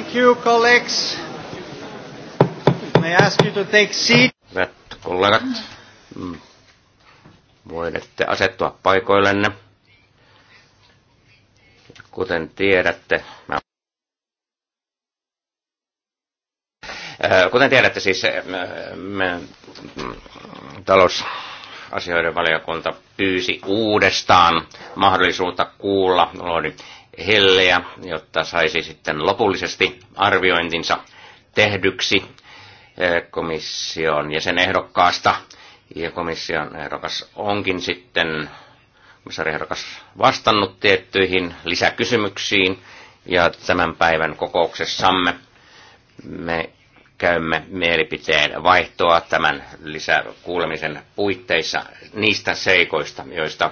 Thank you, colleagues. May I ask you to take seat? Hyvät kollegat, mm, voinette asettua paikoillenne. Kuten tiedätte, mä äh, Kuten tiedätte, siis äh, me, mm, talousasioiden valiokunta pyysi uudestaan mahdollisuutta kuulla Lordi hellejä, jotta saisi sitten lopullisesti arviointinsa tehdyksi eh, komission ehdokkaasta. Ja komission ehdokas onkin sitten ehdokas vastannut tiettyihin lisäkysymyksiin. Ja tämän päivän kokouksessamme me käymme mielipiteen vaihtoa tämän lisäkuulemisen puitteissa niistä seikoista, joista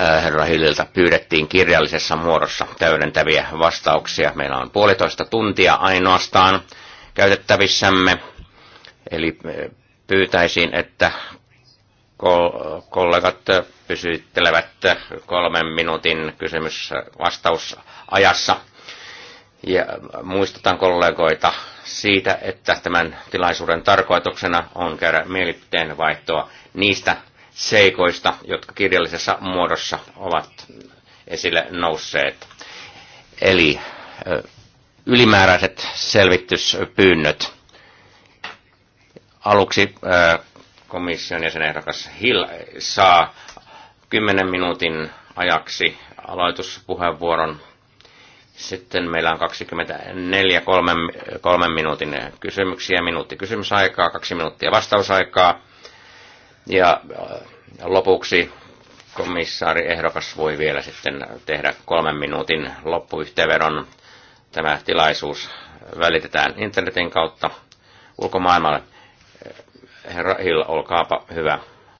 Äh, herra Hilliltä pyydettiin kirjallisessa muodossa täydentäviä vastauksia. Meillä on puolitoista tuntia ainoastaan käytettävissämme, eli äh, pyytäisin, että kollegat äh, pysyttelevät kolmen minuutin kysymys-vastausajassa. Ja muistutan kollegoita siitä, että tämän tilaisuuden tarkoituksena on käydä mielipiteen vaihtoa niistä seikoista, jotka kirjallisessa muodossa ovat esille nousseet. Eli ylimääräiset selvityspyynnöt. Aluksi komission jäsenehdokas Hill saa 10 minuutin ajaksi aloituspuheenvuoron. Sitten meillä on 24 kolmen, kolmen minuutin kysymyksiä, minuutti kysymysaikaa, kaksi minuuttia vastausaikaa ja äh, lopuksi komissaari ehdokas voi vielä sitten tehdä kolmen minuutin loppuyhteenvedon. Tämä tilaisuus välitetään internetin kautta ulkomaailmalle. Äh, herra Hill, olkaapa hyvä.